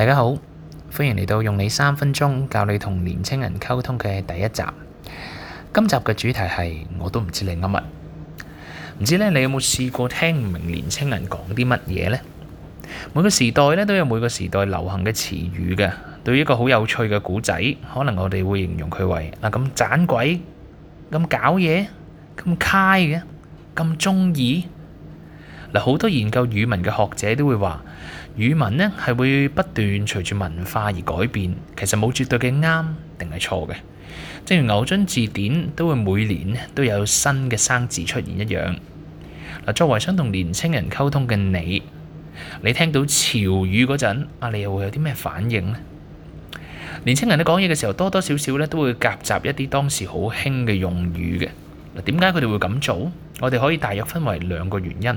大家好，歡迎嚟到用你三分鐘教你同年青人溝通嘅第一集。今集嘅主題係，我都唔知你噏乜，唔知咧你有冇試過聽唔明年青人講啲乜嘢呢？每個時代咧都有每個時代流行嘅詞語㗎。對於一個好有趣嘅古仔，可能我哋會形容佢為嗱咁盞鬼，咁搞嘢、咁揩嘅、咁鍾意。嗱，好多研究語文嘅學者都會話，語文呢係會不斷隨住文化而改變，其實冇絕對嘅啱定係錯嘅。正如牛津字典都會每年都有新嘅生字出現一樣。作為想同年青人溝通嘅你，你聽到潮語嗰陣啊，你又會有啲咩反應呢？年青人喺講嘢嘅時候，多多少少呢都會夾雜一啲當時好興嘅用語嘅嗱。點解佢哋會咁做？我哋可以大約分為兩個原因。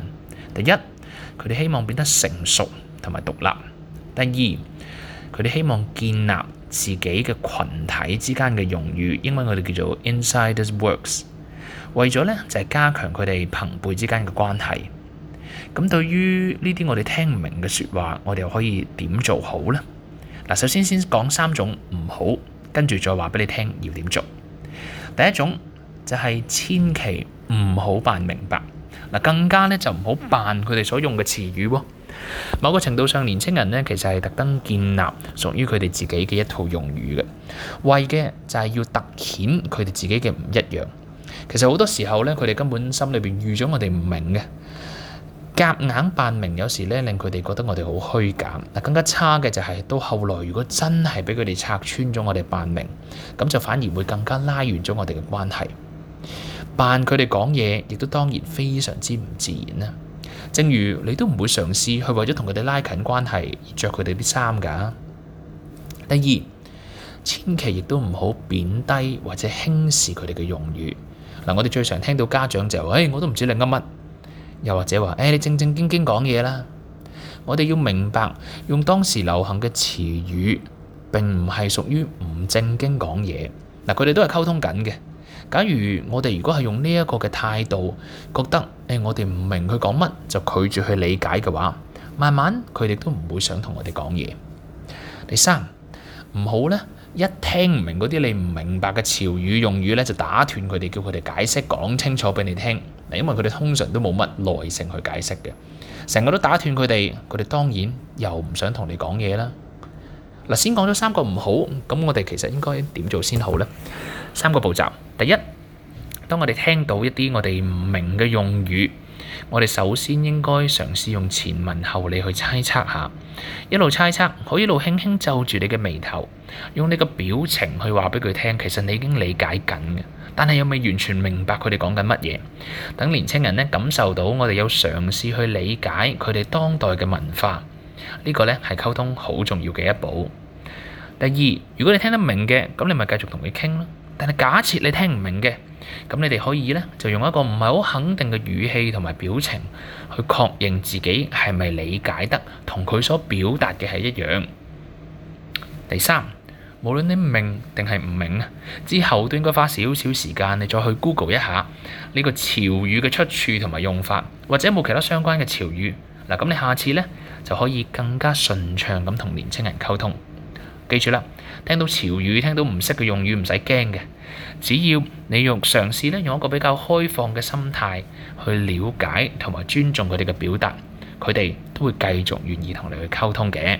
第一，佢哋希望變得成熟。同埋獨立。第二，佢哋希望建立自己嘅群體之間嘅用語，英文我哋叫做 insiders’ works 為咗咧，就係、是、加強佢哋朋輩之間嘅關係。咁對於呢啲我哋聽唔明嘅説話，我哋又可以點做好呢？嗱，首先先講三種唔好，跟住再話俾你聽要點做。第一種就係千祈唔好扮明白。嗱，更加咧就唔好扮佢哋所用嘅詞語喎。某個程度上，年青人呢其實係特登建立屬於佢哋自己嘅一套用語嘅，為嘅就係要突顯佢哋自己嘅唔一樣。其實好多時候呢，佢哋根本心裏邊預咗我哋唔明嘅，夾硬扮明，有時呢令佢哋覺得我哋好虛假。更加差嘅就係到後來，如果真係俾佢哋拆穿咗我哋扮明，咁就反而會更加拉遠咗我哋嘅關係。扮佢哋講嘢，亦都當然非常之唔自然啦。正如你都唔會嘗試去為咗同佢哋拉近關係而着佢哋啲衫㗎。第二，千祈亦都唔好貶低或者輕視佢哋嘅用語。嗱，我哋最常聽到家長就係話，誒、哎，我都唔知你噏乜，又或者話，誒、哎，你正正經經講嘢啦。我哋要明白，用當時流行嘅詞語並唔係屬於唔正經講嘢。嗱，佢哋都係溝通緊嘅。假如我哋如果係用呢一個嘅態度，覺得誒、哎、我哋唔明佢講乜，就拒絕去理解嘅話，慢慢佢哋都唔會想同我哋講嘢。第三，唔好呢，一聽唔明嗰啲你唔明白嘅潮語用語呢，就打斷佢哋，叫佢哋解釋講清楚俾你聽。因為佢哋通常都冇乜耐性去解釋嘅，成個都打斷佢哋，佢哋當然又唔想同你講嘢啦。嗱，先講咗三個唔好，咁我哋其實應該點做先好呢？三個步驟，第一，當我哋聽到一啲我哋唔明嘅用語，我哋首先應該嘗試用前文後理去猜測下，一路猜測，可以一路輕輕皺住你嘅眉頭，用呢個表情去話俾佢聽，其實你已經理解緊嘅，但係又未完全明白佢哋講緊乜嘢，等年青人呢感受到我哋有嘗試去理解佢哋當代嘅文化。呢個呢係溝通好重要嘅一步。第二，如果你聽得明嘅，咁你咪繼續同佢傾咯。但係假設你聽唔明嘅，咁你哋可以呢，就用一個唔係好肯定嘅語氣同埋表情去確認自己係咪理解得同佢所表達嘅係一樣。第三，無論你明定係唔明啊，之後都應該花少少時間你再去 Google 一下呢個潮語嘅出處同埋用法，或者冇其他相關嘅潮語。嗱，咁你下次咧就可以更加順暢咁同年青人溝通。記住啦，聽到潮語，聽到唔識嘅用語，唔使驚嘅。只要你用嘗試咧，用一個比較開放嘅心態去了解同埋尊重佢哋嘅表達，佢哋都會繼續願意同你去溝通嘅。